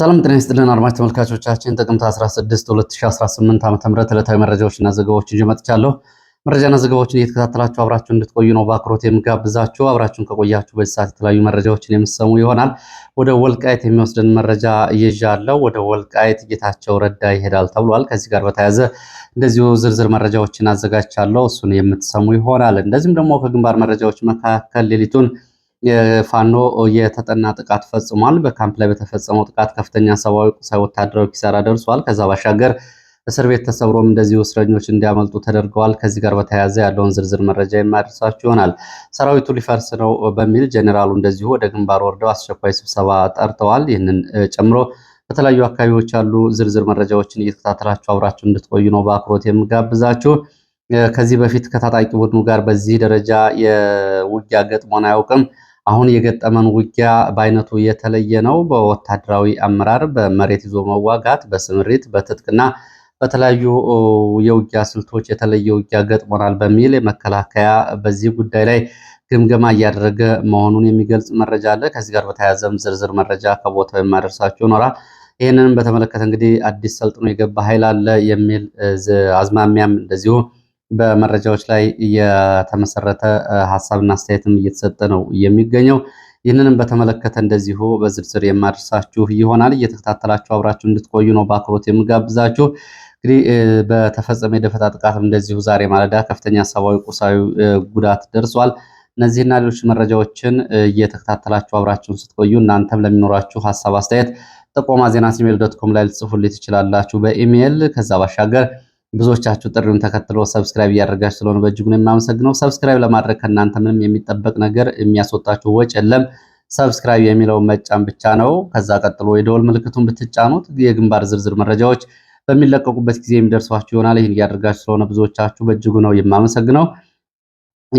ሰላም ጤና ይስጥልን አድማጭ ተመልካቾቻችን ጥቅምት 16 2018 ዓ ም ዕለታዊ መረጃዎችና ዘገባዎችን ይዤ መጥቻለሁ። መረጃና ዘገባዎችን እየተከታተላችሁ አብራችሁ እንድትቆዩ ነው በአክሮት የምጋብዛችሁ። አብራችሁን ከቆያችሁ በዚህ ሰዓት የተለያዩ መረጃዎችን የምሰሙ ይሆናል። ወደ ወልቃይት የሚወስድን መረጃ እየዣለው ወደ ወልቃይት ጌታቸው ረዳ ይሄዳል ተብሏል። ከዚህ ጋር በተያያዘ እንደዚሁ ዝርዝር መረጃዎችን አዘጋጅቻለሁ። እሱን የምትሰሙ ይሆናል። እንደዚሁም ደግሞ ከግንባር መረጃዎች መካከል ሌሊቱን የፋኖ የተጠና ጥቃት ፈጽሟል። በካምፕ ላይ በተፈጸመው ጥቃት ከፍተኛ ሰብአዊ፣ ቁሳዊ፣ ወታደራዊ ኪሳራ ደርሷል። ከዛ ባሻገር እስር ቤት ተሰብሮም እንደዚሁ እስረኞች እንዲያመልጡ ተደርገዋል። ከዚህ ጋር በተያያዘ ያለውን ዝርዝር መረጃ የማያደርሳችሁ ይሆናል። ሰራዊቱ ሊፈርስ ነው በሚል ጀኔራሉ እንደዚሁ ወደ ግንባር ወርደው አስቸኳይ ስብሰባ ጠርተዋል። ይህንን ጨምሮ በተለያዩ አካባቢዎች ያሉ ዝርዝር መረጃዎችን እየተከታተላችሁ አብራችሁ እንድትቆዩ ነው በአክሮት የምጋብዛችሁ። ከዚህ በፊት ከታጣቂ ቡድኑ ጋር በዚህ ደረጃ የውጊያ ገጥሞን አያውቅም። አሁን የገጠመን ውጊያ በአይነቱ የተለየ ነው። በወታደራዊ አመራር፣ በመሬት ይዞ መዋጋት፣ በስምሪት፣ በትጥቅና በተለያዩ የውጊያ ስልቶች የተለየ ውጊያ ገጥሞናል በሚል መከላከያ በዚህ ጉዳይ ላይ ግምገማ እያደረገ መሆኑን የሚገልጽ መረጃ አለ። ከዚህ ጋር በተያያዘም ዝርዝር መረጃ ከቦታው የማደርሳቸው ይኖራል። ይህንንም በተመለከተ እንግዲህ አዲስ ሰልጥኖ የገባ ኃይል አለ የሚል አዝማሚያም እንደዚሁ በመረጃዎች ላይ የተመሰረተ ሀሳብና አስተያየትም እየተሰጠ ነው የሚገኘው። ይህንንም በተመለከተ እንደዚሁ በዝርዝር የማደርሳችሁ ይሆናል። እየተከታተላችሁ አብራችሁ እንድትቆዩ ነው በአክብሮት የምጋብዛችሁ። እንግዲህ በተፈጸመ የደፈጣ ጥቃትም እንደዚሁ ዛሬ ማለዳ ከፍተኛ ሰብአዊ፣ ቁሳዊ ጉዳት ደርሷል። እነዚህና ሌሎች መረጃዎችን እየተከታተላችሁ አብራችሁን ስትቆዩ እናንተም ለሚኖራችሁ ሀሳብ አስተያየት ጥቆማ ዜና ጂሜል ዶት ኮም ላይ ልጽፉልኝ ትችላላችሁ በኢሜይል ከዛ ባሻገር ብዙዎቻችሁ ጥሪውን ተከትሎ ሰብስክራይብ እያደረጋችሁ ስለሆነ በእጅጉ የማመሰግነው። ሰብስክራይብ ለማድረግ ከእናንተ ምንም የሚጠበቅ ነገር የሚያስወጣችሁ ወጪ የለም። ሰብስክራይብ የሚለውን መጫን ብቻ ነው። ከዛ ቀጥሎ የደወል ምልክቱን ብትጫኑት የግንባር ዝርዝር መረጃዎች በሚለቀቁበት ጊዜ የሚደርሷችሁ ይሆናል። ይህን እያደረጋችሁ ስለሆነ ብዙዎቻችሁ በእጅጉ ነው የማመሰግነው።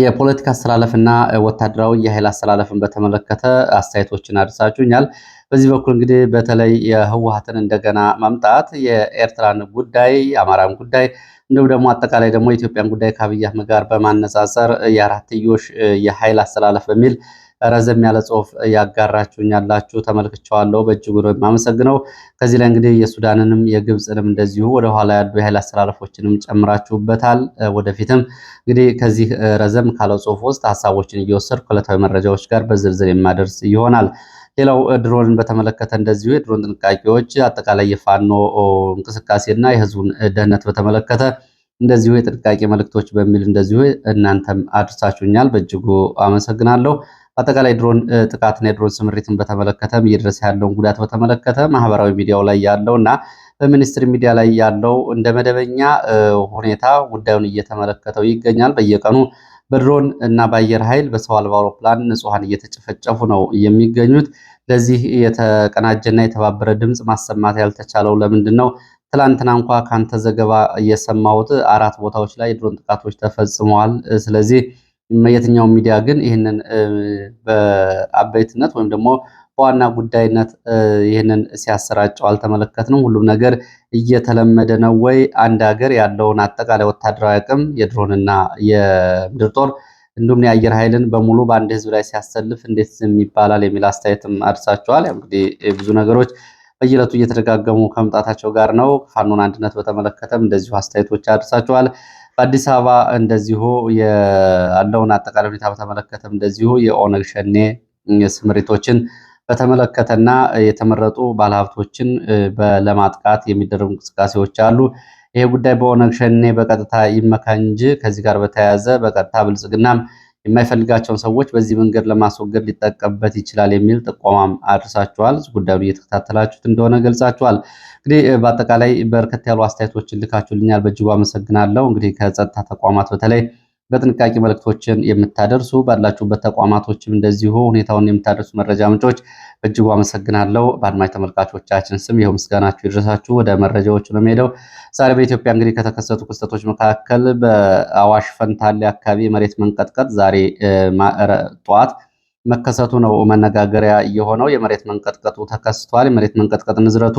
የፖለቲካ አስተላለፍና ወታደራዊ የኃይል አስተላለፍን በተመለከተ አስተያየቶችን አድርሳችሁኛል። በዚህ በኩል እንግዲህ በተለይ የህወሀትን እንደገና ማምጣት የኤርትራን ጉዳይ፣ የአማራን ጉዳይ እንዲሁም ደግሞ አጠቃላይ ደግሞ የኢትዮጵያን ጉዳይ ከአብይ አህመድ ጋር በማነጻጸር የአራትዮሽ የኃይል አስተላለፍ በሚል ረዘም ያለ ጽሁፍ ያጋራችሁኝ ያላችሁ ተመልክቸዋለሁ። በእጅጉ ነው የማመሰግነው። ከዚህ ላይ እንግዲህ የሱዳንንም የግብፅንም እንደዚሁ ወደኋላ ያሉ የኃይል አስተላለፎችንም ጨምራችሁበታል። ወደፊትም እንግዲህ ከዚህ ረዘም ካለው ጽሁፍ ውስጥ ሀሳቦችን እየወሰድኩ ከዕለታዊ መረጃዎች ጋር በዝርዝር የማደርስ ይሆናል። ሌላው ድሮንን በተመለከተ እንደዚሁ የድሮን ጥንቃቄዎች፣ አጠቃላይ የፋኖ እንቅስቃሴና የህዝቡን ደህንነት በተመለከተ እንደዚሁ የጥንቃቄ መልእክቶች በሚል እንደዚሁ እናንተም አድርሳችሁኛል። በእጅጉ አመሰግናለሁ። አጠቃላይ ድሮን ጥቃትና የድሮን ስምሪትን በተመለከተም እየደረሰ ያለውን ጉዳት በተመለከተ ማህበራዊ ሚዲያው ላይ ያለው እና በሚኒስትር ሚዲያ ላይ ያለው እንደ መደበኛ ሁኔታ ጉዳዩን እየተመለከተው ይገኛል። በየቀኑ በድሮን እና በአየር ኃይል በሰው አልባ አውሮፕላን ንጹሐን እየተጨፈጨፉ ነው የሚገኙት። ለዚህ የተቀናጀና የተባበረ ድምፅ ማሰማት ያልተቻለው ለምንድን ነው? ትላንትና እንኳ ከአንተ ዘገባ እየሰማሁት አራት ቦታዎች ላይ የድሮን ጥቃቶች ተፈጽመዋል። ስለዚህ የትኛው ሚዲያ ግን ይህንን በአበይትነት ወይም ደግሞ በዋና ጉዳይነት ይህንን ሲያሰራጨው አልተመለከትንም። ሁሉም ነገር እየተለመደ ነው ወይ? አንድ ሀገር ያለውን አጠቃላይ ወታደራዊ አቅም የድሮንና የምድር ጦር እንዲሁም የአየር ኃይልን በሙሉ በአንድ ህዝብ ላይ ሲያሰልፍ እንዴት ዝም ይባላል የሚል አስተያየትም አድርሳቸዋል። እንግዲህ ብዙ ነገሮች በየዕለቱ እየተደጋገሙ ከመምጣታቸው ጋር ነው። ፋኖን አንድነት በተመለከተም እንደዚሁ አስተያየቶች አድርሳቸዋል። በአዲስ አበባ እንደዚሁ ያለውን አጠቃላይ ሁኔታ በተመለከተም እንደዚሁ የኦነግ ሸኔ ስምሪቶችን በተመለከተና የተመረጡ ባለሀብቶችን ለማጥቃት የሚደረጉ እንቅስቃሴዎች አሉ። ይሄ ጉዳይ በኦነግ ሸኔ በቀጥታ ይመካ እንጂ ከዚህ ጋር በተያያዘ በቀጥታ ብልጽግናም የማይፈልጋቸውን ሰዎች በዚህ መንገድ ለማስወገድ ሊጠቀምበት ይችላል የሚል ጥቆማም አድርሳችኋል። ጉዳዩን እየተከታተላችሁት እንደሆነ ገልጻችኋል። እንግዲህ በአጠቃላይ በርከት ያሉ አስተያየቶችን ልካችሁልኛል፣ በእጅጉ አመሰግናለሁ። እንግዲህ ከጸጥታ ተቋማት በተለይ በጥንቃቄ መልእክቶችን የምታደርሱ ባላችሁበት ተቋማቶችም እንደዚሁ ሁኔታውን የምታደርሱ መረጃ ምንጮች በእጅጉ አመሰግናለሁ። በአድማጭ ተመልካቾቻችን ስም ይኸው ምስጋናችሁ ይድረሳችሁ። ወደ መረጃዎች ነው የሚሄደው። ዛሬ በኢትዮጵያ እንግዲህ ከተከሰቱ ክስተቶች መካከል በአዋሽ ፈንታሌ አካባቢ የመሬት መንቀጥቀጥ ዛሬ ጠዋት መከሰቱ ነው መነጋገሪያ የሆነው። የመሬት መንቀጥቀጡ ተከስቷል። የመሬት መንቀጥቀጥ ንዝረቱ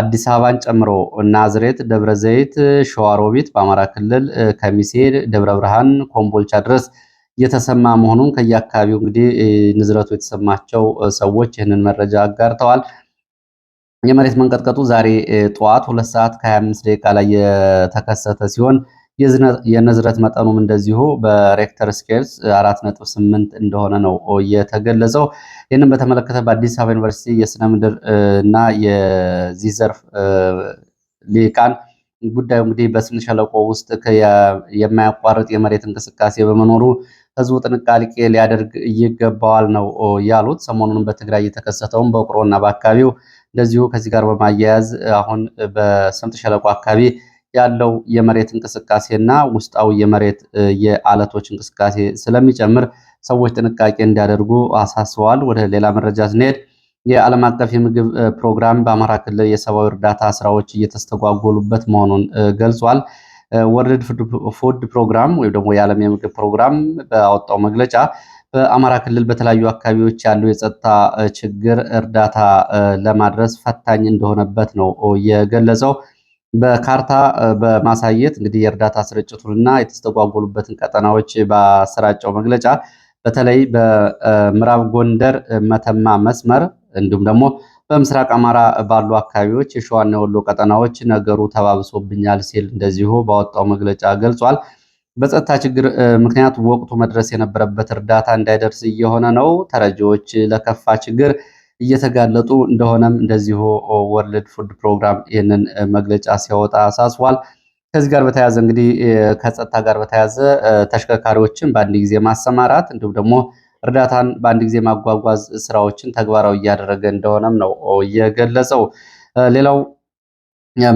አዲስ አበባን ጨምሮ ናዝሬት፣ ደብረ ዘይት፣ ሸዋሮቢት በአማራ ክልል ከሚሴ፣ ደብረ ብርሃን፣ ኮምቦልቻ ድረስ የተሰማ መሆኑን ከየአካባቢው እንግዲህ ንዝረቱ የተሰማቸው ሰዎች ይህንን መረጃ አጋርተዋል። የመሬት መንቀጥቀጡ ዛሬ ጠዋት ሁለት ሰዓት ከ25 ደቂቃ ላይ የተከሰተ ሲሆን የንዝረት መጠኑም እንደዚሁ በሬክተር ስኬልስ 4.8 እንደሆነ ነው የተገለጸው። ይህንም በተመለከተ በአዲስ አበባ ዩኒቨርሲቲ የስነ ምድር እና የዚህ ዘርፍ ሊቃን ጉዳዩ እንግዲህ በስምጥ ሸለቆ ውስጥ የማያቋርጥ የመሬት እንቅስቃሴ በመኖሩ ህዝቡ ጥንቃቄ ሊያደርግ ይገባዋል ነው ያሉት። ሰሞኑንም በትግራይ እየተከሰተውም በቁሮና በአካባቢው እንደዚሁ ከዚህ ጋር በማያያዝ አሁን በስምጥ ሸለቆ አካባቢ ያለው የመሬት እንቅስቃሴና ውስጣዊ የመሬት የአለቶች እንቅስቃሴ ስለሚጨምር ሰዎች ጥንቃቄ እንዲያደርጉ አሳስበዋል። ወደ ሌላ መረጃ ስንሄድ የዓለም አቀፍ የምግብ ፕሮግራም በአማራ ክልል የሰብአዊ እርዳታ ስራዎች እየተስተጓጎሉበት መሆኑን ገልጿል። ወርልድ ፉድ ፕሮግራም ወይም ደግሞ የዓለም የምግብ ፕሮግራም በወጣው መግለጫ በአማራ ክልል በተለያዩ አካባቢዎች ያለው የጸጥታ ችግር እርዳታ ለማድረስ ፈታኝ እንደሆነበት ነው የገለጸው። በካርታ በማሳየት እንግዲህ የእርዳታ ስርጭቱንና የተስተጓጎሉበትን ቀጠናዎች ባሰራጨው መግለጫ በተለይ በምዕራብ ጎንደር መተማ መስመር እንዲሁም ደግሞ በምስራቅ አማራ ባሉ አካባቢዎች የሸዋና የወሎ ቀጠናዎች ነገሩ ተባብሶብኛል ሲል እንደዚሁ ባወጣው መግለጫ ገልጿል። በጸጥታ ችግር ምክንያት ወቅቱ መድረስ የነበረበት እርዳታ እንዳይደርስ እየሆነ ነው። ተረጂዎች ለከፋ ችግር እየተጋለጡ እንደሆነም እንደዚሁ ወርልድ ፉድ ፕሮግራም ይህንን መግለጫ ሲያወጣ አሳስቧል። ከዚህ ጋር በተያያዘ እንግዲህ ከጸጥታ ጋር በተያያዘ ተሽከርካሪዎችን በአንድ ጊዜ ማሰማራት እንዲሁም ደግሞ እርዳታን በአንድ ጊዜ ማጓጓዝ ስራዎችን ተግባራዊ እያደረገ እንደሆነም ነው እየገለጸው። ሌላው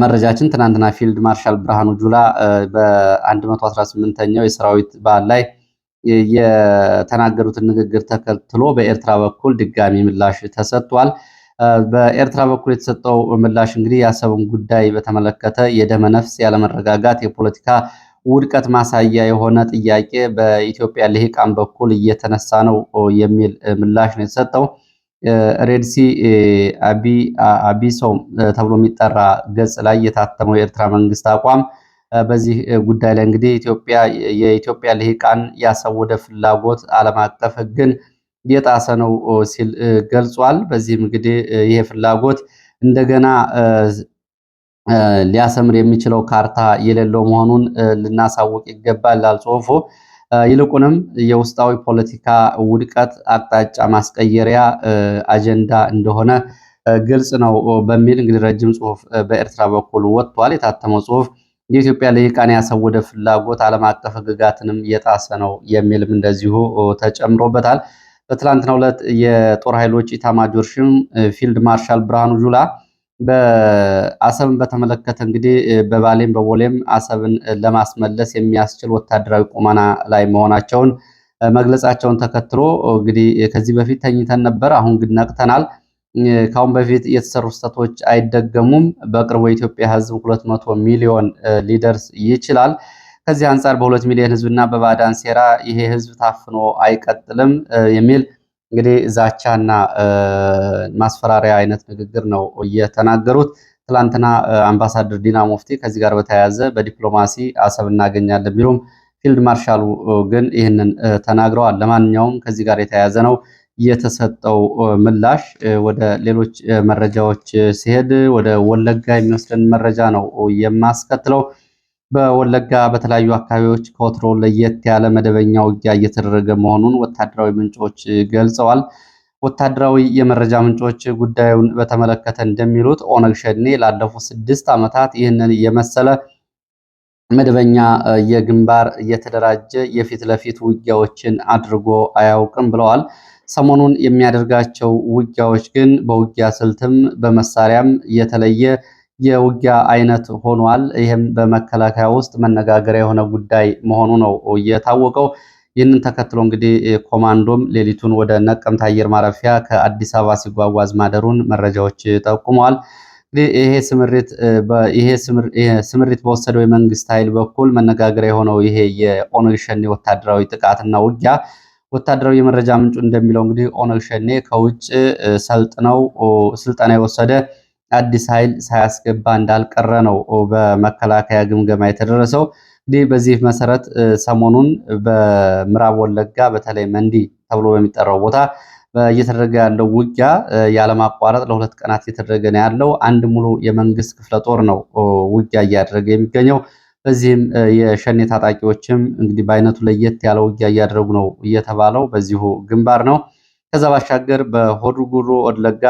መረጃችን ትናንትና ፊልድ ማርሻል ብርሃኑ ጁላ በ118ኛው የሰራዊት በዓል ላይ የተናገሩትን ንግግር ተከትሎ በኤርትራ በኩል ድጋሚ ምላሽ ተሰጥቷል። በኤርትራ በኩል የተሰጠው ምላሽ እንግዲህ የአሰብን ጉዳይ በተመለከተ የደመነፍስ ያለመረጋጋት፣ የፖለቲካ ውድቀት ማሳያ የሆነ ጥያቄ በኢትዮጵያ ልሂቃን በኩል እየተነሳ ነው የሚል ምላሽ ነው የተሰጠው። ሬድሲ አቢሶም ተብሎ የሚጠራ ገጽ ላይ የታተመው የኤርትራ መንግስት አቋም በዚህ ጉዳይ ላይ እንግዲህ ኢትዮጵያ የኢትዮጵያ ልሂቃን ያሰወደ ፍላጎት ዓለም አቀፍ ሕግን የጣሰ ነው ሲል ገልጿል። በዚህም እንግዲህ ይሄ ፍላጎት እንደገና ሊያሰምር የሚችለው ካርታ የሌለው መሆኑን ልናሳውቅ ይገባል ላል ጽሁፉ። ይልቁንም የውስጣዊ ፖለቲካ ውድቀት አቅጣጫ ማስቀየሪያ አጀንዳ እንደሆነ ግልጽ ነው በሚል እንግዲህ ረጅም ጽሁፍ በኤርትራ በኩል ወጥቷል። የታተመው ጽሁፍ የኢትዮጵያ ልሂቃን ያሰወደ ፍላጎት ዓለም አቀፍ ሕግጋትንም እየጣሰ ነው የሚልም እንደዚሁ ተጨምሮበታል። በትላንትናው ዕለት የጦር ኃይሎች ኢታማጆር ሹም ፊልድ ማርሻል ብርሃኑ ጁላ በአሰብን በተመለከተ እንግዲህ በባሌም በቦሌም አሰብን ለማስመለስ የሚያስችል ወታደራዊ ቁመና ላይ መሆናቸውን መግለጻቸውን ተከትሎ እንግዲህ ከዚህ በፊት ተኝተን ነበር፣ አሁን ግን ነቅተናል ከአሁን በፊት የተሰሩ ስህተቶች አይደገሙም። በቅርቡ የኢትዮጵያ ህዝብ 200 ሚሊዮን ሊደርስ ይችላል። ከዚህ አንጻር በሁለት ሚሊዮን ህዝብና በባዕዳን ሴራ ይሄ ህዝብ ታፍኖ አይቀጥልም የሚል እንግዲህ ዛቻና ማስፈራሪያ አይነት ንግግር ነው እየተናገሩት። ትላንትና አምባሳደር ዲና ሙፍቲ ከዚህ ጋር በተያያዘ በዲፕሎማሲ አሰብ እናገኛለን ቢሉም ፊልድ ማርሻሉ ግን ይህንን ተናግረዋል። ለማንኛውም ከዚህ ጋር የተያያዘ ነው። የተሰጠው ምላሽ። ወደ ሌሎች መረጃዎች ሲሄድ ወደ ወለጋ የሚወስደን መረጃ ነው የማስከትለው። በወለጋ በተለያዩ አካባቢዎች ከወትሮ ለየት ያለ መደበኛ ውጊያ እየተደረገ መሆኑን ወታደራዊ ምንጮች ገልጸዋል። ወታደራዊ የመረጃ ምንጮች ጉዳዩን በተመለከተ እንደሚሉት ኦነግ ሸኔ ላለፉት ስድስት ዓመታት ይህንን የመሰለ መደበኛ የግንባር የተደራጀ የፊት ለፊት ውጊያዎችን አድርጎ አያውቅም ብለዋል። ሰሞኑን የሚያደርጋቸው ውጊያዎች ግን በውጊያ ስልትም በመሳሪያም የተለየ የውጊያ አይነት ሆኗል። ይህም በመከላከያ ውስጥ መነጋገሪያ የሆነ ጉዳይ መሆኑ ነው የታወቀው። ይህንን ተከትሎ እንግዲህ ኮማንዶም ሌሊቱን ወደ ነቀምት አየር ማረፊያ ከአዲስ አበባ ሲጓጓዝ ማደሩን መረጃዎች ጠቁመዋል። ይሄ ስምሪት በወሰደው የመንግስት ኃይል በኩል መነጋገሪያ የሆነው ይሄ የኦነግ ሸኔ ወታደራዊ ጥቃትና ውጊያ ወታደራዊ የመረጃ ምንጩ እንደሚለው እንግዲህ ኦነግ ሸኔ ከውጭ ሰልጥነው ስልጠና የወሰደ አዲስ ኃይል ሳያስገባ እንዳልቀረ ነው በመከላከያ ግምገማ የተደረሰው። እንግዲህ በዚህ መሰረት ሰሞኑን በምዕራብ ወለጋ በተለይ መንዲ ተብሎ በሚጠራው ቦታ እየተደረገ ያለው ውጊያ ያለማቋረጥ ለሁለት ቀናት እየተደረገ ነው ያለው። አንድ ሙሉ የመንግስት ክፍለ ጦር ነው ውጊያ እያደረገ የሚገኘው። በዚህም የሸኔ ታጣቂዎችም እንግዲህ በአይነቱ ለየት ያለ ውጊያ እያደረጉ ነው እየተባለው በዚሁ ግንባር ነው። ከዛ ባሻገር በሆዱጉሩ ወለጋ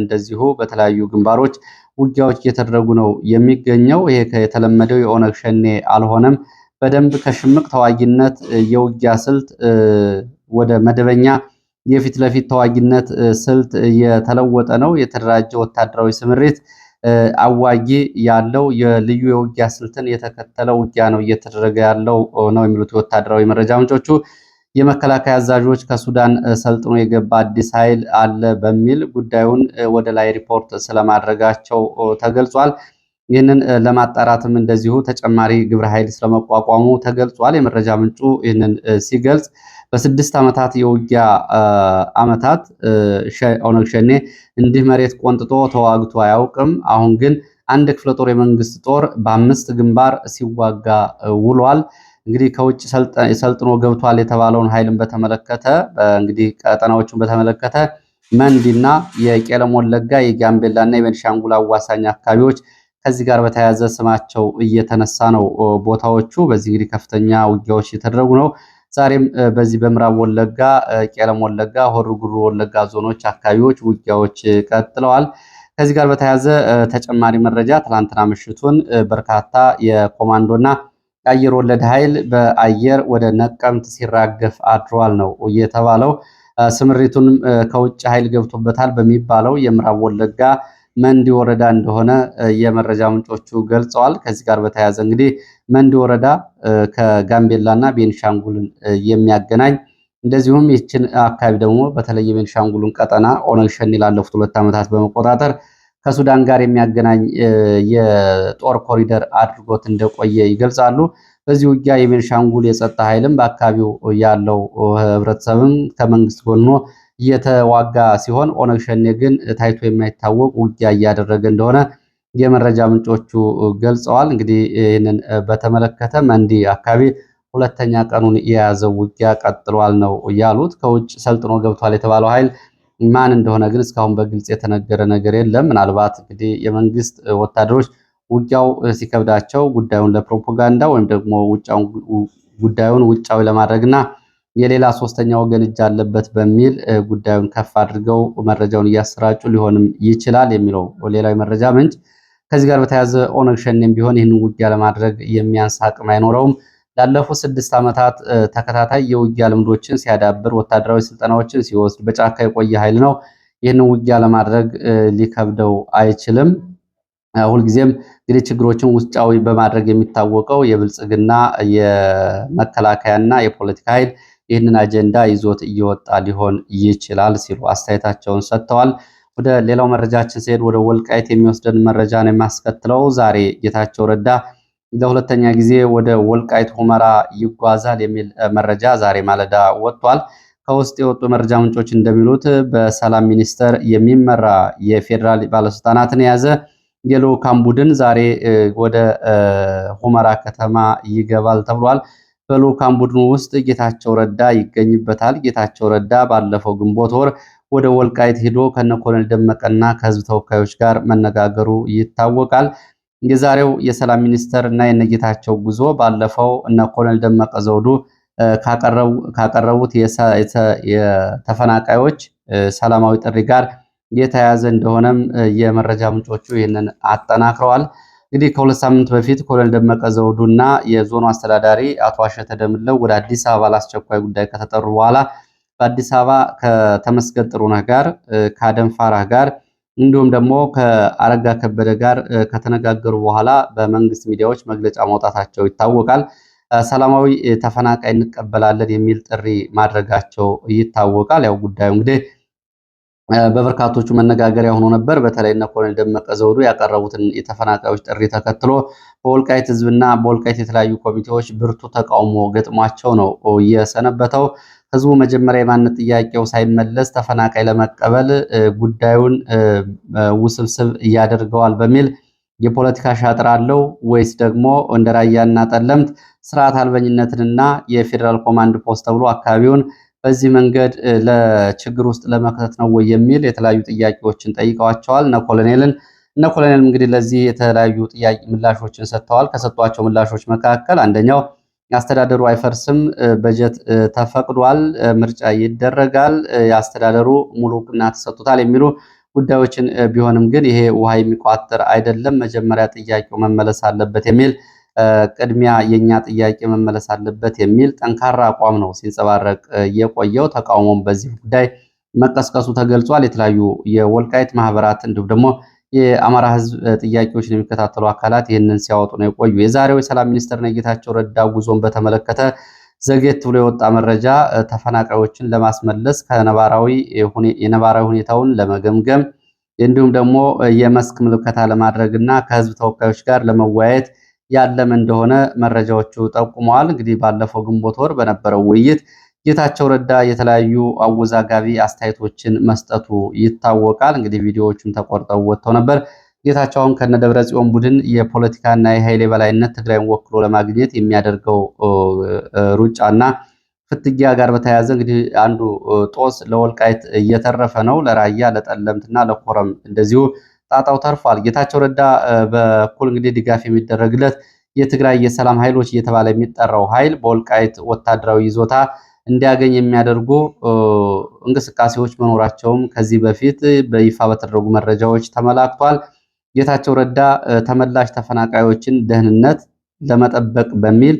እንደዚሁ በተለያዩ ግንባሮች ውጊያዎች እየተደረጉ ነው የሚገኘው። ይሄ የተለመደው የኦነግ ሸኔ አልሆነም። በደንብ ከሽምቅ ተዋጊነት የውጊያ ስልት ወደ መደበኛ የፊት ለፊት ተዋጊነት ስልት የተለወጠ ነው። የተደራጀ ወታደራዊ ስምሪት አዋጊ ያለው የልዩ የውጊያ ስልትን የተከተለ ውጊያ ነው እየተደረገ ያለው ነው የሚሉት የወታደራዊ መረጃ ምንጮቹ። የመከላከያ አዛዦች ከሱዳን ሰልጥኖ የገባ አዲስ ኃይል አለ በሚል ጉዳዩን ወደ ላይ ሪፖርት ስለማድረጋቸው ተገልጿል። ይህንን ለማጣራትም እንደዚሁ ተጨማሪ ግብረ ኃይል ስለመቋቋሙ ተገልጿል። የመረጃ ምንጩ ይህንን ሲገልጽ በስድስት ዓመታት የውጊያ ዓመታት ኦነግ ሸኔ እንዲህ መሬት ቆንጥጦ ተዋግቶ አያውቅም። አሁን ግን አንድ ክፍለ ጦር የመንግስት ጦር በአምስት ግንባር ሲዋጋ ውሏል። እንግዲህ ከውጭ ሰልጥኖ ገብቷል የተባለውን ኃይልን በተመለከተ እንግዲህ ቀጠናዎቹን በተመለከተ መንዲና የቄለም ወለጋ የጋምቤላና የቤንሻንጉል አዋሳኝ አካባቢዎች ከዚህ ጋር በተያያዘ ስማቸው እየተነሳ ነው ቦታዎቹ። በዚህ እንግዲህ ከፍተኛ ውጊያዎች እየተደረጉ ነው። ዛሬም በዚህ በምዕራብ ወለጋ፣ ቄለም ወለጋ፣ ሆሮ ወለጋ ዞኖች አካባቢዎች ውጊያዎች ቀጥለዋል። ከዚህ ጋር በተያያዘ ተጨማሪ መረጃ ትላንትና ምሽቱን በርካታ የኮማንዶና የአየር ወለድ ኃይል በአየር ወደ ነቀምት ሲራገፍ አድሯል ነው እየተባለው። ስምሪቱንም ከውጭ ኃይል ገብቶበታል በሚባለው የምዕራብ ወለጋ መንዲ ወረዳ እንደሆነ የመረጃ ምንጮቹ ገልጸዋል። ከዚህ ጋር በተያያዘ እንግዲህ መንዲ ወረዳ ከጋምቤላና ቤንሻንጉልን የሚያገናኝ እንደዚሁም ይችን አካባቢ ደግሞ በተለይ የቤንሻንጉልን ቀጠና ኦነግ ሸኔ ላለፉት ሁለት ዓመታት በመቆጣጠር ከሱዳን ጋር የሚያገናኝ የጦር ኮሪደር አድርጎት እንደቆየ ይገልጻሉ። በዚህ ውጊያ የቤንሻንጉል የጸጥታ ኃይልም በአካባቢው ያለው ህብረተሰብም ከመንግስት ጎኖ እየተዋጋ ሲሆን ኦነግ ሸኔ ግን ታይቶ የማይታወቅ ውጊያ እያደረገ እንደሆነ የመረጃ ምንጮቹ ገልጸዋል። እንግዲህ ይህንን በተመለከተ መንዲ አካባቢ ሁለተኛ ቀኑን የያዘው ውጊያ ቀጥሏል ነው ያሉት። ከውጭ ሰልጥኖ ገብቷል የተባለው ኃይል ማን እንደሆነ ግን እስካሁን በግልጽ የተነገረ ነገር የለም። ምናልባት እንግዲህ የመንግስት ወታደሮች ውጊያው ሲከብዳቸው ጉዳዩን ለፕሮፓጋንዳ ወይም ደግሞ ጉዳዩን ውጫዊ ለማድረግና የሌላ ሶስተኛ ወገን እጅ አለበት በሚል ጉዳዩን ከፍ አድርገው መረጃውን እያሰራጩ ሊሆንም ይችላል የሚለው ሌላዊ መረጃ ምንጭ ከዚህ ጋር በተያያዘ ኦነግ ሸኔም ቢሆን ይህንን ውጊያ ለማድረግ የሚያንስ አቅም አይኖረውም። ላለፉት ስድስት ዓመታት ተከታታይ የውጊያ ልምዶችን ሲያዳብር፣ ወታደራዊ ስልጠናዎችን ሲወስድ በጫካ የቆየ ኃይል ነው። ይህንን ውጊያ ለማድረግ ሊከብደው አይችልም። ሁልጊዜም እንግዲህ ችግሮችን ውስጫዊ በማድረግ የሚታወቀው የብልጽግና የመከላከያና የፖለቲካ ኃይል ይህንን አጀንዳ ይዞት እየወጣ ሊሆን ይችላል ሲሉ አስተያየታቸውን ሰጥተዋል። ወደ ሌላው መረጃችን ሲሄድ ወደ ወልቃይት የሚወስደን መረጃ ነው የሚያስከትለው። ዛሬ ጌታቸው ረዳ ለሁለተኛ ጊዜ ወደ ወልቃይት ሁመራ ይጓዛል የሚል መረጃ ዛሬ ማለዳ ወጥቷል። ከውስጥ የወጡ መረጃ ምንጮች እንደሚሉት በሰላም ሚኒስቴር የሚመራ የፌዴራል ባለስልጣናትን የያዘ የልዑካን ቡድን ዛሬ ወደ ሁመራ ከተማ ይገባል ተብሏል። በልዑካን ቡድኑ ውስጥ ጌታቸው ረዳ ይገኝበታል። ጌታቸው ረዳ ባለፈው ግንቦት ወር ወደ ወልቃይት ሄዶ ከነኮሎኔል ደመቀና ከህዝብ ተወካዮች ጋር መነጋገሩ ይታወቃል። የዛሬው የሰላም ሚኒስተር እና የነጌታቸው ጉዞ ባለፈው እነ ኮሎኔል ደመቀ ዘውዱ ካቀረቡት የተፈናቃዮች ሰላማዊ ጥሪ ጋር የተያያዘ እንደሆነም የመረጃ ምንጮቹ ይህንን አጠናክረዋል። እንግዲህ ከሁለት ሳምንት በፊት ኮሎኔል ደመቀ ዘውዱ እና የዞኑ አስተዳዳሪ አቶ አሸተ ደምለው ወደ አዲስ አበባ ለአስቸኳይ ጉዳይ ከተጠሩ በኋላ በአዲስ አበባ ከተመስገን ጥሩነህ ጋር ከአደም ፋራህ ጋር እንዲሁም ደግሞ ከአረጋ ከበደ ጋር ከተነጋገሩ በኋላ በመንግስት ሚዲያዎች መግለጫ ማውጣታቸው ይታወቃል። ሰላማዊ ተፈናቃይ እንቀበላለን የሚል ጥሪ ማድረጋቸው ይታወቃል። ያው ጉዳዩ እንግዲህ በበርካቶቹ መነጋገሪያ ሆኖ ነበር። በተለይ እነ ኮሎኔል ደመቀ ዘውዱ ያቀረቡትን የተፈናቃዮች ጥሪ ተከትሎ በወልቃይት ህዝብና በወልቃይት የተለያዩ ኮሚቴዎች ብርቱ ተቃውሞ ገጥሟቸው ነው የሰነበተው። ህዝቡ መጀመሪያ የማንነት ጥያቄው ሳይመለስ ተፈናቃይ ለመቀበል ጉዳዩን ውስብስብ እያደርገዋል በሚል የፖለቲካ ሻጥር አለው ወይስ ደግሞ እንደ ራያና ጠለምት ስርዓት አልበኝነትንና የፌዴራል ኮማንድ ፖስት ተብሎ አካባቢውን በዚህ መንገድ ለችግር ውስጥ ለመክተት ነው ወይ የሚል የተለያዩ ጥያቄዎችን ጠይቀዋቸዋል እነ ኮሎኔልን። እነ ኮሎኔልም እንግዲህ ለዚህ የተለያዩ ጥያቄ ምላሾችን ሰጥተዋል። ከሰጧቸው ምላሾች መካከል አንደኛው አስተዳደሩ አይፈርስም፣ በጀት ተፈቅዷል፣ ምርጫ ይደረጋል፣ የአስተዳደሩ ሙሉ እውቅና ተሰጥቶታል የሚሉ ጉዳዮችን ቢሆንም ግን ይሄ ውሃ የሚቋጥር አይደለም፣ መጀመሪያ ጥያቄው መመለስ አለበት የሚል ቅድሚያ የኛ ጥያቄ መመለስ አለበት የሚል ጠንካራ አቋም ነው ሲንጸባረቅ የቆየው። ተቃውሞም በዚህ ጉዳይ መቀስቀሱ ተገልጿል። የተለያዩ የወልቃይት ማህበራት እንዲሁም ደግሞ የአማራ ህዝብ ጥያቄዎችን የሚከታተሉ አካላት ይህንን ሲያወጡ ነው የቆዩ። የዛሬው የሰላም ሚኒስትር የጌታቸው ረዳ ጉዞን በተመለከተ ዘጌት ብሎ የወጣ መረጃ ተፈናቃዮችን ለማስመለስ ከነባራዊ የነባራዊ ሁኔታውን ለመገምገም እንዲሁም ደግሞ የመስክ ምልከታ ለማድረግ እና ከህዝብ ተወካዮች ጋር ለመወያየት ያለም እንደሆነ መረጃዎቹ ጠቁመዋል። እንግዲህ ባለፈው ግንቦት ወር በነበረው ውይይት ጌታቸው ረዳ የተለያዩ አወዛጋቢ አስተያየቶችን መስጠቱ ይታወቃል። እንግዲህ ቪዲዮዎቹም ተቆርጠው ወጥተው ነበር። ጌታቸውም ከነደብረ ጽዮን ቡድን የፖለቲካና የኃይል የበላይነት ትግራይን ወክሎ ለማግኘት የሚያደርገው ሩጫና ፍትጊያ ጋር በተያያዘ እንግዲህ አንዱ ጦስ ለወልቃይት እየተረፈ ነው፣ ለራያ ለጠለምትና ለኮረም እንደዚሁ ጣጣው ተርፏል። ጌታቸው ረዳ በኩል እንግዲህ ድጋፍ የሚደረግለት የትግራይ የሰላም ኃይሎች እየተባለ የሚጠራው ኃይል በወልቃይት ወታደራዊ ይዞታ እንዲያገኝ የሚያደርጉ እንቅስቃሴዎች መኖራቸውም ከዚህ በፊት በይፋ በተደረጉ መረጃዎች ተመላክቷል። ጌታቸው ረዳ ተመላሽ ተፈናቃዮችን ደህንነት ለመጠበቅ በሚል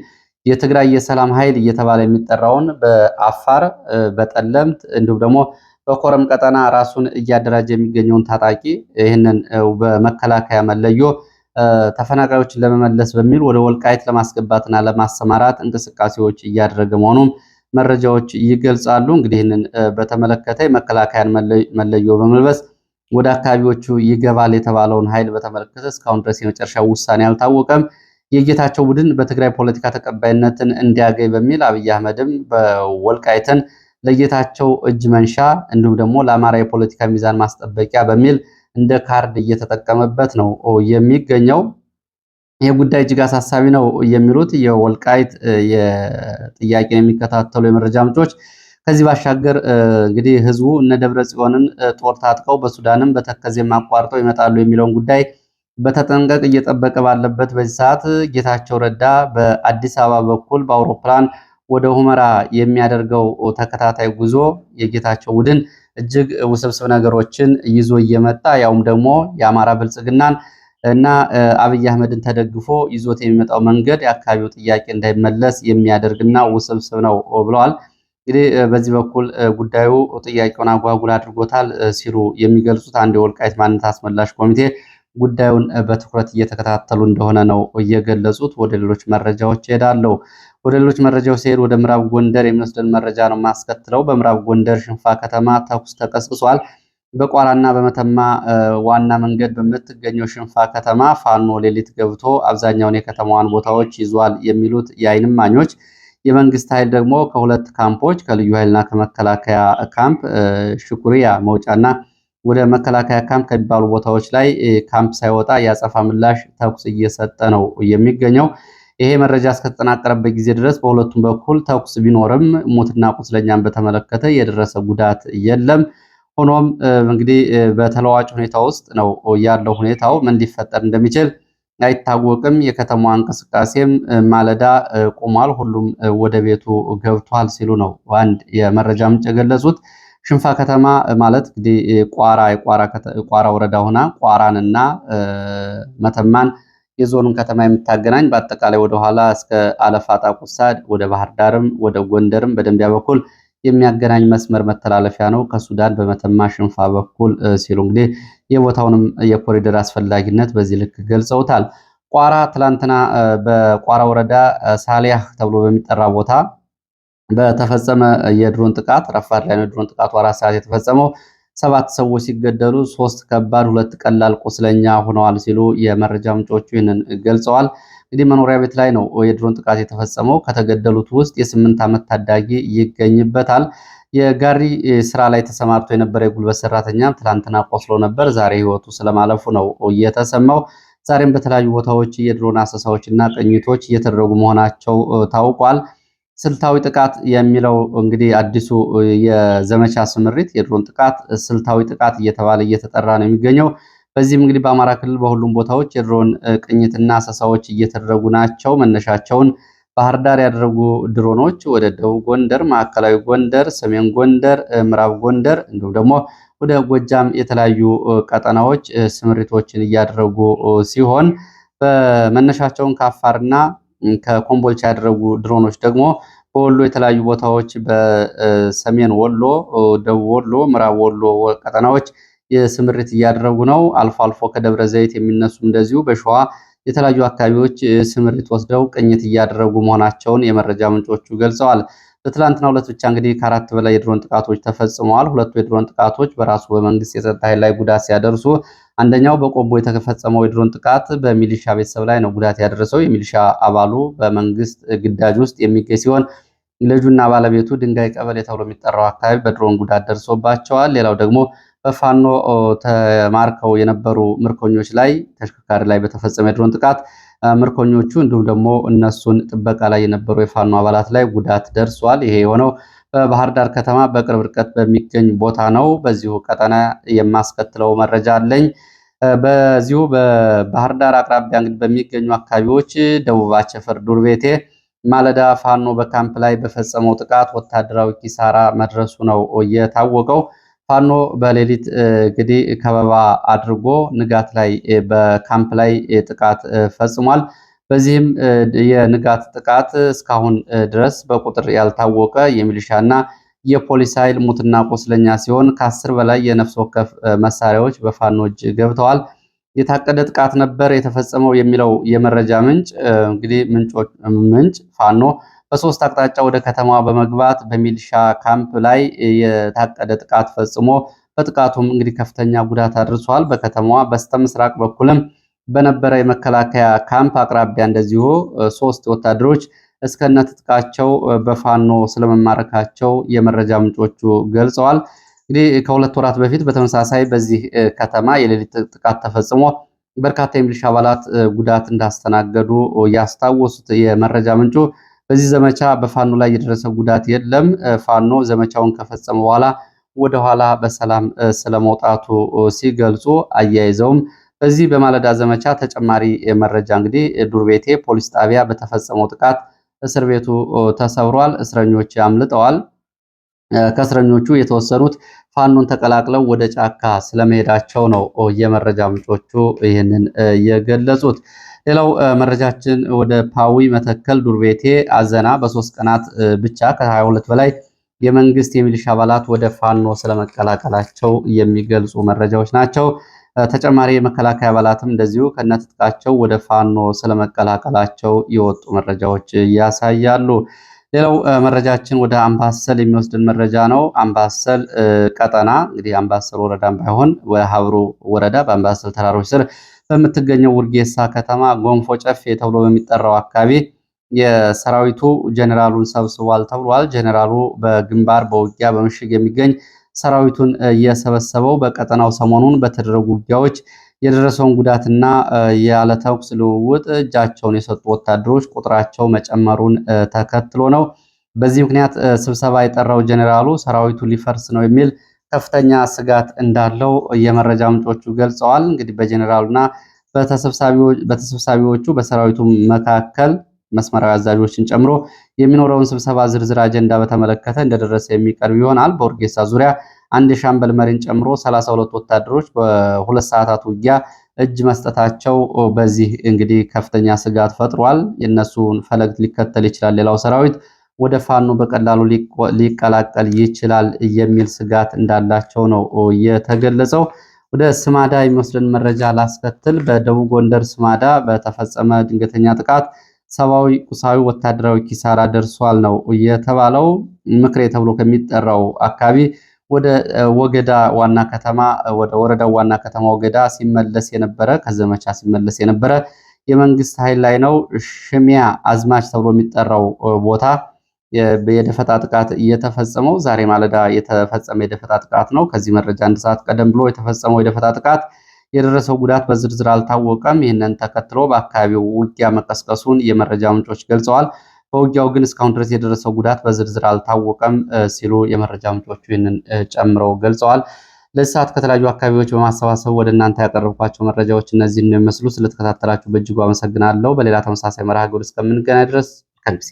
የትግራይ የሰላም ኃይል እየተባለ የሚጠራውን በአፋር፣ በጠለምት እንዲሁም ደግሞ በኮረም ቀጠና ራሱን እያደራጀ የሚገኘውን ታጣቂ ይህንን በመከላከያ መለዮ ተፈናቃዮችን ለመመለስ በሚል ወደ ወልቃይት ለማስገባትና ለማሰማራት እንቅስቃሴዎች እያደረገ መሆኑም መረጃዎች ይገልጻሉ። እንግዲህ ይህንን በተመለከተ የመከላከያን መለዮ በመልበስ ወደ አካባቢዎቹ ይገባል የተባለውን ኃይል በተመለከተ እስካሁን ድረስ የመጨረሻ ውሳኔ አልታወቀም። የጌታቸው ቡድን በትግራይ ፖለቲካ ተቀባይነትን እንዲያገኝ በሚል አብይ አህመድም በወልቃይትን ለጌታቸው እጅ መንሻ እንዲሁም ደግሞ ለአማራ የፖለቲካ ሚዛን ማስጠበቂያ በሚል እንደ ካርድ እየተጠቀመበት ነው የሚገኘው። ይህ ጉዳይ እጅግ አሳሳቢ ነው የሚሉት የወልቃይት ጥያቄን የሚከታተሉ የመረጃ ምንጮች ከዚህ ባሻገር እንግዲህ ህዝቡ እነ ደብረ ጽዮንን ጦር ታጥቀው በሱዳንም በተከዜም አቋርጠው ይመጣሉ የሚለውን ጉዳይ በተጠንቀቅ እየጠበቀ ባለበት በዚህ ሰዓት ጌታቸው ረዳ በአዲስ አበባ በኩል በአውሮፕላን ወደ ሁመራ የሚያደርገው ተከታታይ ጉዞ የጌታቸው ቡድን እጅግ ውስብስብ ነገሮችን ይዞ እየመጣ ያውም ደግሞ የአማራ ብልጽግናን እና አብይ አህመድን ተደግፎ ይዞት የሚመጣው መንገድ የአካባቢው ጥያቄ እንዳይመለስ የሚያደርግና ውስብስብ ነው ብለዋል። እንግዲህ በዚህ በኩል ጉዳዩ ጥያቄውን አጓጉል አድርጎታል ሲሉ የሚገልጹት አንድ የወልቃይት ማንነት አስመላሽ ኮሚቴ ጉዳዩን በትኩረት እየተከታተሉ እንደሆነ ነው እየገለጹት ወደ ሌሎች መረጃዎች ይሄዳለሁ። ወደ ሌሎች መረጃዎች ሲሄድ ወደ ምዕራብ ጎንደር የሚወስደን መረጃ ነው ማስከትለው። በምዕራብ ጎንደር ሽንፋ ከተማ ተኩስ ተቀስቅሷል። በቋራና በመተማ ዋና መንገድ በምትገኘው ሽንፋ ከተማ ፋኖ ሌሊት ገብቶ አብዛኛውን የከተማዋን ቦታዎች ይዟል የሚሉት የዓይን እማኞች፣ የመንግስት ኃይል ደግሞ ከሁለት ካምፖች ከልዩ ኃይልና ከመከላከያ ካምፕ ሽኩሪያ መውጫና ወደ መከላከያ ካምፕ ከሚባሉ ቦታዎች ላይ ካምፕ ሳይወጣ የአጸፋ ምላሽ ተኩስ እየሰጠ ነው የሚገኘው። ይሄ መረጃ እስከተጠናቀረበት ጊዜ ድረስ በሁለቱም በኩል ተኩስ ቢኖርም ሞትና ቁስለኛን በተመለከተ የደረሰ ጉዳት የለም። ሆኖም እንግዲህ በተለዋጭ ሁኔታ ውስጥ ነው ያለው። ሁኔታው ምን ሊፈጠር እንደሚችል አይታወቅም። የከተማዋ እንቅስቃሴም ማለዳ ቆሟል ሁሉም ወደ ቤቱ ገብቷል ሲሉ ነው አንድ የመረጃ ምንጭ የገለጹት። ሽንፋ ከተማ ማለት እንግዲህ ቋራ የቋራ ወረዳ ሆና ቋራንና መተማን የዞኑን ከተማ የምታገናኝ በአጠቃላይ ወደኋላ እስከ አለፋ ጣቁሳ ወደ ባህር ዳርም ወደ ጎንደርም በደንቢያ በኩል የሚያገናኝ መስመር መተላለፊያ ነው። ከሱዳን በመተማ ሽንፋ በኩል ሲሉ እንግዲህ የቦታውንም የኮሪደር አስፈላጊነት በዚህ ልክ ገልጸውታል። ቋራ ትላንትና በቋራ ወረዳ ሳሊያህ ተብሎ በሚጠራ ቦታ በተፈጸመ የድሮን ጥቃት ረፋድ ላይ ነው የድሮን ጥቃቱ አራት ሰዓት የተፈጸመው ሰባት ሰዎች ሲገደሉ ሶስት ከባድ ሁለት ቀላል ቁስለኛ ሆነዋል ሲሉ የመረጃ ምንጮቹ ይህንን ገልጸዋል። እንግዲህ መኖሪያ ቤት ላይ ነው የድሮን ጥቃት የተፈጸመው። ከተገደሉት ውስጥ የስምንት ዓመት ታዳጊ ይገኝበታል። የጋሪ ስራ ላይ ተሰማርቶ የነበረ የጉልበት ሰራተኛ ትላንትና ቆስሎ ነበር። ዛሬ ህይወቱ ስለማለፉ ነው እየተሰማው። ዛሬም በተለያዩ ቦታዎች የድሮን አሰሳዎች እና ቅኝቶች እየተደረጉ መሆናቸው ታውቋል። ስልታዊ ጥቃት የሚለው እንግዲህ አዲሱ የዘመቻ ስምሪት የድሮን ጥቃት ስልታዊ ጥቃት እየተባለ እየተጠራ ነው የሚገኘው። በዚህም እንግዲህ በአማራ ክልል በሁሉም ቦታዎች የድሮን ቅኝትና ሰሳዎች እየተደረጉ ናቸው። መነሻቸውን ባህር ዳር ያደረጉ ድሮኖች ወደ ደቡብ ጎንደር፣ ማዕከላዊ ጎንደር፣ ሰሜን ጎንደር፣ ምዕራብ ጎንደር እንዲሁም ደግሞ ወደ ጎጃም የተለያዩ ቀጠናዎች ስምሪቶችን እያደረጉ ሲሆን በመነሻቸውን ከአፋርና ከኮምቦልቻ ያደረጉ ድሮኖች ደግሞ በወሎ የተለያዩ ቦታዎች በሰሜን ወሎ፣ ደቡብ ወሎ፣ ምዕራብ ወሎ ቀጠናዎች ስምሪት እያደረጉ ነው። አልፎ አልፎ ከደብረ ዘይት የሚነሱ እንደዚሁ በሸዋ የተለያዩ አካባቢዎች ስምሪት ወስደው ቅኝት እያደረጉ መሆናቸውን የመረጃ ምንጮቹ ገልጸዋል። በትላንትና ሁለት ብቻ እንግዲህ ከአራት በላይ የድሮን ጥቃቶች ተፈጽመዋል። ሁለቱ የድሮን ጥቃቶች በራሱ በመንግስት የጸጥታ ኃይል ላይ ጉዳት ሲያደርሱ አንደኛው በቆቦ የተፈጸመው የድሮን ጥቃት በሚሊሻ ቤተሰብ ላይ ነው ጉዳት ያደረሰው። የሚሊሻ አባሉ በመንግስት ግዳጅ ውስጥ የሚገኝ ሲሆን ልጁና ባለቤቱ ድንጋይ ቀበሌ ተብሎ የሚጠራው አካባቢ በድሮን ጉዳት ደርሶባቸዋል። ሌላው ደግሞ በፋኖ ተማርከው የነበሩ ምርኮኞች ላይ ተሽከርካሪ ላይ በተፈጸመ የድሮን ጥቃት ምርኮኞቹ እንዲሁም ደግሞ እነሱን ጥበቃ ላይ የነበሩ የፋኖ አባላት ላይ ጉዳት ደርሷል። ይሄ የሆነው በባህር ዳር ከተማ በቅርብ ርቀት በሚገኝ ቦታ ነው። በዚሁ ቀጠና የማስከትለው መረጃ አለኝ። በዚሁ በባህር ዳር አቅራቢያ እንግዲህ በሚገኙ አካባቢዎች ደቡብ አቸፈር ዱር ቤቴ ማለዳ ፋኖ በካምፕ ላይ በፈጸመው ጥቃት ወታደራዊ ኪሳራ መድረሱ ነው የታወቀው። ፋኖ በሌሊት እንግዲህ ከበባ አድርጎ ንጋት ላይ በካምፕ ላይ ጥቃት ፈጽሟል። በዚህም የንጋት ጥቃት እስካሁን ድረስ በቁጥር ያልታወቀ የሚሊሻና የፖሊስ ኃይል ሙትና ቆስለኛ ሲሆን ከአስር በላይ የነፍስ ወከፍ መሳሪያዎች በፋኖ እጅ ገብተዋል። የታቀደ ጥቃት ነበር የተፈጸመው የሚለው የመረጃ ምንጭ እንግዲህ ምንጭ ፋኖ በሶስት አቅጣጫ ወደ ከተማ በመግባት በሚሊሻ ካምፕ ላይ የታቀደ ጥቃት ፈጽሞ በጥቃቱም እንግዲህ ከፍተኛ ጉዳት አድርሷል። በከተማዋ በስተምስራቅ በኩልም በነበረ የመከላከያ ካምፕ አቅራቢያ እንደዚሁ ሶስት ወታደሮች እስከነ ትጥቃቸው በፋኖ ስለመማረካቸው የመረጃ ምንጮቹ ገልጸዋል። እንግዲህ ከሁለት ወራት በፊት በተመሳሳይ በዚህ ከተማ የሌሊት ጥቃት ተፈጽሞ በርካታ የሚሊሻ አባላት ጉዳት እንዳስተናገዱ ያስታወሱት የመረጃ ምንጩ በዚህ ዘመቻ በፋኖ ላይ የደረሰ ጉዳት የለም፣ ፋኖ ዘመቻውን ከፈጸመ በኋላ ወደኋላ በሰላም ስለመውጣቱ ሲገልጹ አያይዘውም በዚህ በማለዳ ዘመቻ ተጨማሪ መረጃ እንግዲህ ዱርቤቴ ፖሊስ ጣቢያ በተፈጸመው ጥቃት እስር ቤቱ ተሰብሯል። እስረኞች አምልጠዋል። ከእስረኞቹ የተወሰኑት ፋኖን ተቀላቅለው ወደ ጫካ ስለመሄዳቸው ነው የመረጃ ምንጮቹ ይህንን የገለጹት። ሌላው መረጃችን ወደ ፓዊ መተከል ዱርቤቴ አዘና በሶስት ቀናት ብቻ ከ22 በላይ የመንግስት የሚሊሻ አባላት ወደ ፋኖ ስለመቀላቀላቸው የሚገልጹ መረጃዎች ናቸው። ተጨማሪ የመከላከያ አባላትም እንደዚሁ ከነትጥቃቸው ወደ ፋኖ ስለመቀላቀላቸው የወጡ መረጃዎች ያሳያሉ። ሌላው መረጃችን ወደ አምባሰል የሚወስድን መረጃ ነው። አምባሰል ቀጠና እንግዲህ አምባሰል ወረዳም ባይሆን በሀብሩ ወረዳ በአምባሰል ተራሮች ስር በምትገኘው ውርጌሳ ከተማ ጎንፎ ጨፌ ተብሎ በሚጠራው አካባቢ የሰራዊቱ ጀኔራሉን ሰብስቧል ተብሏል። ጀኔራሉ በግንባር በውጊያ በምሽግ የሚገኝ ሰራዊቱን እየሰበሰበው በቀጠናው ሰሞኑን በተደረጉ ውጊያዎች የደረሰውን ጉዳትና ያለ ተኩስ ልውውጥ እጃቸውን የሰጡ ወታደሮች ቁጥራቸው መጨመሩን ተከትሎ ነው። በዚህ ምክንያት ስብሰባ የጠራው ጀኔራሉ ሰራዊቱ ሊፈርስ ነው የሚል ከፍተኛ ስጋት እንዳለው የመረጃ ምንጮቹ ገልጸዋል። እንግዲህ በጀኔራሉና በተሰብሳቢዎቹ በሰራዊቱ መካከል መስመራዊ አዛዦችን ጨምሮ የሚኖረውን ስብሰባ ዝርዝር አጀንዳ በተመለከተ እንደደረሰ የሚቀርብ ይሆናል። በኦርጌሳ ዙሪያ አንድ የሻምበል መሪን ጨምሮ ሰላሳ ሁለት ወታደሮች በሁለት ሰዓታት ውጊያ እጅ መስጠታቸው በዚህ እንግዲህ ከፍተኛ ስጋት ፈጥሯል። የእነሱን ፈለግ ሊከተል ይችላል፣ ሌላው ሰራዊት ወደ ፋኖ በቀላሉ ሊቀላቀል ይችላል የሚል ስጋት እንዳላቸው ነው የተገለጸው። ወደ ስማዳ የሚወስደን መረጃ ላስከትል። በደቡብ ጎንደር ስማዳ በተፈጸመ ድንገተኛ ጥቃት ሰብአዊ፣ ቁሳዊ፣ ወታደራዊ ኪሳራ ደርሷል ነው የተባለው። ምክሬ ተብሎ ከሚጠራው አካባቢ ወደ ወገዳ ዋና ከተማ ወደ ወረዳው ዋና ከተማ ወገዳ ሲመለስ የነበረ ከዘመቻ ሲመለስ የነበረ የመንግስት ኃይል ላይ ነው። ሽሚያ አዝማች ተብሎ የሚጠራው ቦታ የደፈጣ ጥቃት እየተፈጸመው ዛሬ ማለዳ የተፈጸመ የደፈጣ ጥቃት ነው። ከዚህ መረጃ አንድ ሰዓት ቀደም ብሎ የተፈጸመው የደፈጣ ጥቃት የደረሰው ጉዳት በዝርዝር አልታወቀም። ይህንን ተከትሎ በአካባቢው ውጊያ መቀስቀሱን የመረጃ ምንጮች ገልጸዋል። በውጊያው ግን እስካሁን ድረስ የደረሰው ጉዳት በዝርዝር አልታወቀም ሲሉ የመረጃ ምንጮቹ ይህንን ጨምረው ገልጸዋል። ለዚህ ሰዓት ከተለያዩ አካባቢዎች በማሰባሰብ ወደ እናንተ ያቀረብኳቸው መረጃዎች እነዚህን ነው የሚመስሉ። ስለተከታተላችሁ በእጅጉ አመሰግናለሁ። በሌላ ተመሳሳይ መርሃ ግብር እስከምንገናኝ ድረስ ከንጊዜ